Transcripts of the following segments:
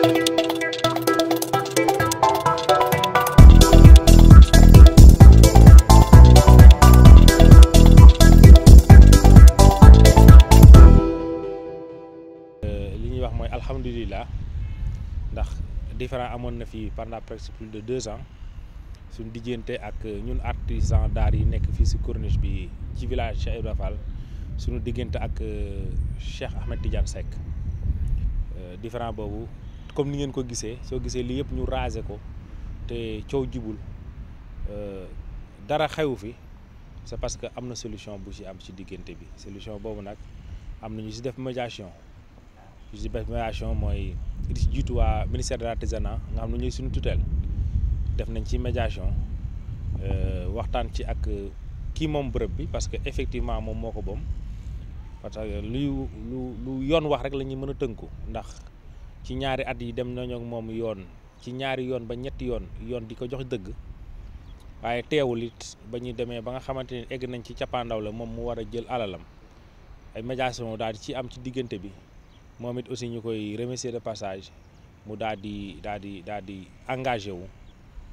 Euh, li ñuy wax mooy alhamdulilah ndax différent amoon na fii pendant presque de deux ans suñ diggante ak ñun artisan daar yi nekk fii si corniche bi ci village Cheikh Ibra Fall suñu diggante ak euh, Cheikh Ahmed Tidiane Seck euh, différent boobu comme ni ngeen ko gisee soo gisee lii yëpp ñu raser ko te coow jibul euh, dara xewu fi c'est parce que am na solution bu ci am ci diggante bi solution boobu nag am na ñu si def médiation ñu ci def médiation mooy di ci jiitu waa ministère de l'artisanat nga xam ne ñooy suñu tutelle def nañ ci médiation euh, waxtaan ci ak kii moom bërëb bi parce que effectivement moom moo ko boom parce que lu lu lu yoon wax rek lañuy mën a tënku ndax ci ñaari at yi dem nañu ak moom yoon ci ñaari yoon ba ñetti yoon yoon di ko jox dëgg waaye teewul it ba ñu demee ba nga xamante ni egg nañ ci cappaandaw la moom mu war a jël alalam ay médiation daal di ci am ci diggante bi moom it aussi ñu koy remercier de passage mu daal di daal di daal di engagé wu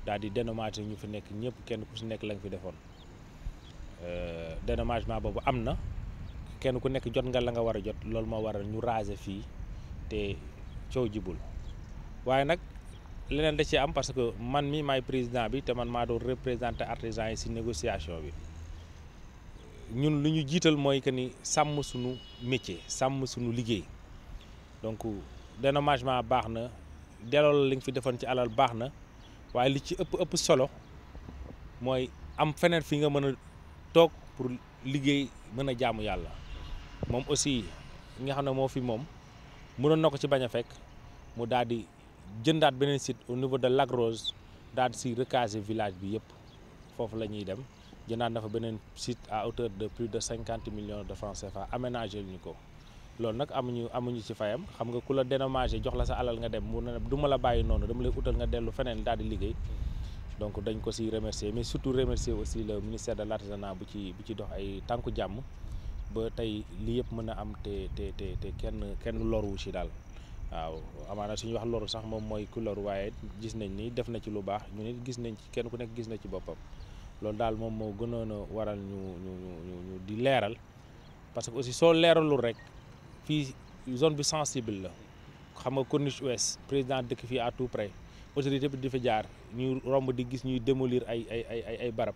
daal di dédommagé ñu fi nekk ñëpp kenn ku si nekk la fi defoon euh, dédommagement boobu am na kenn ku nekk jot nga la nga war a jot loolu moo waral ñu raser fii te. coow jibul waaye nag leneen da ci am parce que man mi may président bi te man maa doon représenté artisans yi si négociation bi ñun lu ñu jiital mooy que ni sàmm suñu métier sàmm suñu liggéey donc dédommagement baax na deloo la li nga fi defoon ci alal baax na waaye li ci ëpp ëpp solo mooy am feneen fi nga mën a toog pour liggéey mën a jaamu yàlla moom aussi nga xam ne moo fi moom mënoon na ko ci bañ a fekk mu daal di jëndaat beneen site au niveau de Lac Rose daal si recaser village bi yëpp foofu la ñuy dem jëndaat na fa beneen site à hauteur de plus de cinquante millions de francs CFA aménagé ñu ko. loolu nag amuñu amuñu ci fayam xam nga ku la dédommagé jox la sa alal nga dem mu ne du ma la bàyyi noonu dama lay utal nga dellu feneen daal di liggéey donc dañ ko si remercier mais surtout remercier aussi le ministère de l'artisanat bu ci bu ci dox ay tànku jàmm. ba tey lii yëpp mën a am te te te kenn kenn loru ci daal waaw amaana suñu wax loru sax moom mooy couleur waaye gis nañ ni def na ci lu baax ñu nit gis nañ ci kenn ku nekk gis na ci boppam loolu daal moom moo gënoon waral ñu ñu di leeral parce que aussi soo leeralul rek fii zone bi sensible la xam nga Corniche Ouest président dëkk fii à tout près autorité bi di jaar ñu romb di gis ñuy démolir ay ay ay ay barab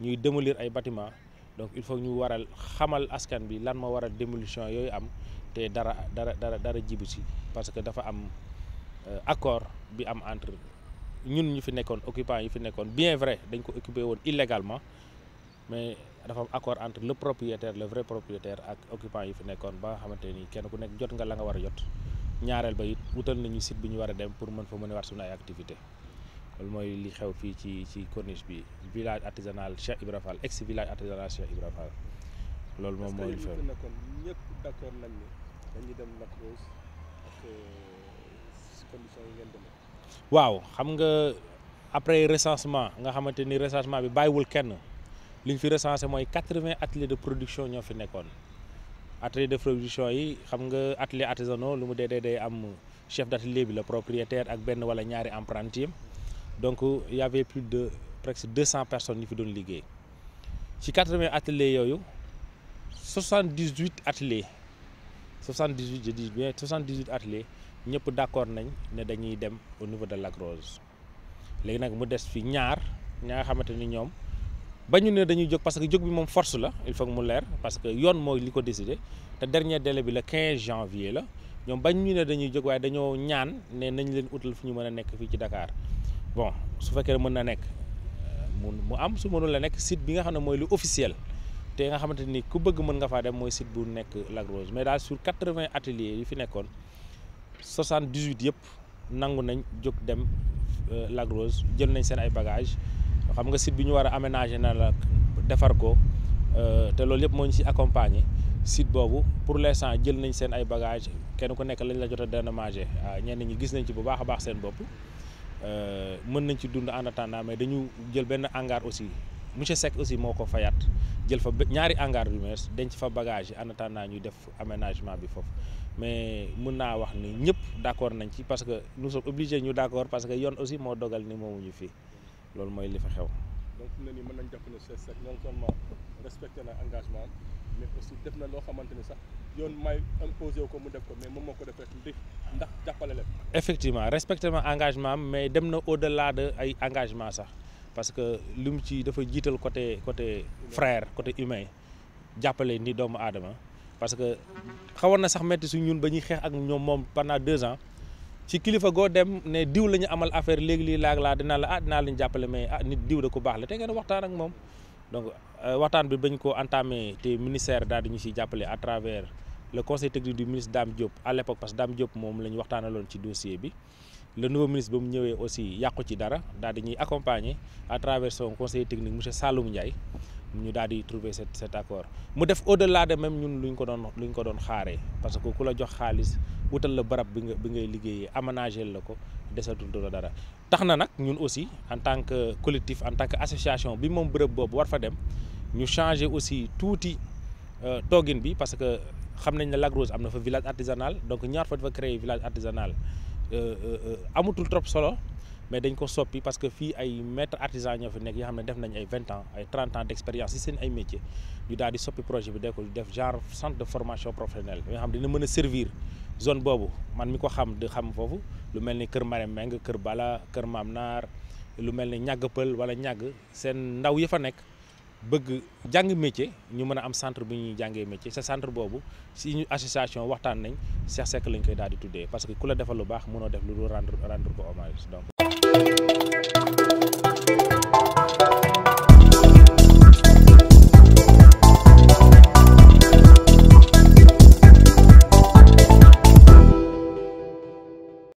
ñuy démolir ay bâtiment donc il faut ñu waral xamal askan bi lan moo waral démolition yooyu am te dara dara dara dara jibu si parce que dafa am euh, accord bi am entre ñun ñu fi nekkoon occupants yi fi nekkoon bien vrai dañ ko occupé woon illégalement mais dafa am accord entre le propriétaire le vrai propriétaire ak occupants yi fi nekkoon ba nga xamante nii kenn ku nekk jot nga la nga war a jot ñaareel ba it wutal nañu site bi ñu war a dem pour mën fa mën a war suñu ay activité loolu mooy li xew fii ci ci corniche bi village artisanal Cheikh Ibra ex village artisanal Cheikh Ibra Fall loolu moom mooy li xew ñëpp d'accord nañ ne dañuy dem Lac Rose euh, waaw xam nga après recensement nga xamante ni recensement bi bàyyiwul kenn li ñu fi recensé mooy quatre vingt ateliers de production ñoo fi nekkoon atelier de production yi xam nga atelier artisanaux lu mu dee dee am chef d'atelier bi la propriétaire ak benn wala ñaari apprentis donc il y avait plus de presque 200 personnes yi fi doon liggéey ci 80 ateliers yooyu 78 ateliers 78 je dis bien 78 ateliers ñëpp d'accord nañ ne dañuy dem au niveau de Lac Rose léegi nag mu des fi ñaar ñaa nga xamante ni ñoom ba ñu ne dañuy jóg parce que jóg bi moom force la il faut mu leer parce que yoon moo li ko décidé te dernier délai bi le 15 janvier la ñoom bañ ñu ne dañuy jóg waaye dañoo ñaan ne nañ leen utal fu ñu mën a nekk fii ci Dakar bon su fekkee mën na nekk mu am su mënul la nekk site bi nga xam ne mooy lu officiel te nga xamante ni ku bëgg mën nga faa dem mooy site bu nekk Lac Rose mais daal sur quatre-vingts ateliers yu fi nekkoon soixante-dix-huit yëpp nangu nañ jóg dem euh, Lac jël nañ seen ay bagages xam nga site bi ñu war a aménager na la defar ko euh, te loolu yëpp moo si accompagner site boobu pour l'instant jël nañ seen ay bagages kenn ku nekk lañ la jot a dédommager ñenn ñi gis nañ ci bu baax a baax seen bopp. Euh, mën nañ ci dund en attendant mais dañu jël benn hangar aussi monsieur Seck aussi moo ko fayaat jël fa ñaari hangar yu mees denc fa bagage yi en def aménagement bi foofu mais mun naa wax ni ñëpp d'accord nañ ci parce que nous sommes obligés ñu d'accord parce que yoon aussi moo dogal ni moomuñu fii loolu mooy li fa xew. donc mën nañ jàpp ne monsieur Seck mais aussi def na loo xamante ni sax yoon may imposé ko mu def ko mais moom moo ndax jàppale leen. effectivement respecté ma engagement mais dem na au delà de ay engagement sax parce que li mu ci dafa jiital côté côté frère côté humain jàppale ni doomu aadama parce que xawoon na sax metti su ñun ba ñuy xeex ak ñoom moom pendant deux ans. ci kilifa goo dem ne diw la ñu amal affaire léegi lii laag laa dinaa la ah dinaa lañu jàppale mais ah nit diw da ko baax la te ngeen waxtaan ak moom donc euh, waxtaan bi bañ ko entamé te ministère daal di ñu siy jàppale à travers le conseil technique du ministre Dame Diop à l'époque parce que Dame Diop moom lañu ñu waxtaanaloon ci dossier bi la nouveau ministre ba mu ñëwee aussi yàqu ci dara daal di ñuy accompagner à travers son conseiller technique monsieur Saloum Ndiaye ñu daal di trouver cet cet accord mu def au delà de même ñun luñ ko doon luñ ko doon xaare parce que ku la jox xaalis wutal la barab bi nga bi ngay liggéeyee aménager la ko desatul dula dara. tax na nag ñun aussi en tant que collectif en tant que association bi moom bërëb boobu war fa dem ñu changer aussi tuuti euh, toogin bi parce que xam nañ ne Lac am na fa village artisanal donc ñaar fa dafa créer village artisanal euh, euh, amatul trop solo. mais dañ ko soppi parce que fii ay maître artisan ñoo fi nekk yoo xam ne def nañ ay vingt ans ay trente ans d' expérience si seen ay métier ñu daal di soppi projet bi dee ko def genre centre de formation professionnelle yoo xam dina mën a servir zone boobu man mi ko xam di xam foofu lu mel ni Kër Marème Meng Kër Bala Kër Maam Naar lu mel ne ñàgg pël wala ñàgg seen ndaw ya fa nekk bëgg jàng métier ñu mën a am centre bu ñuy jàngee métier sa centre boobu si ñu association waxtaan nañ Cheikh Seck lañ baax mënoo def lu dul rendre rendre thank you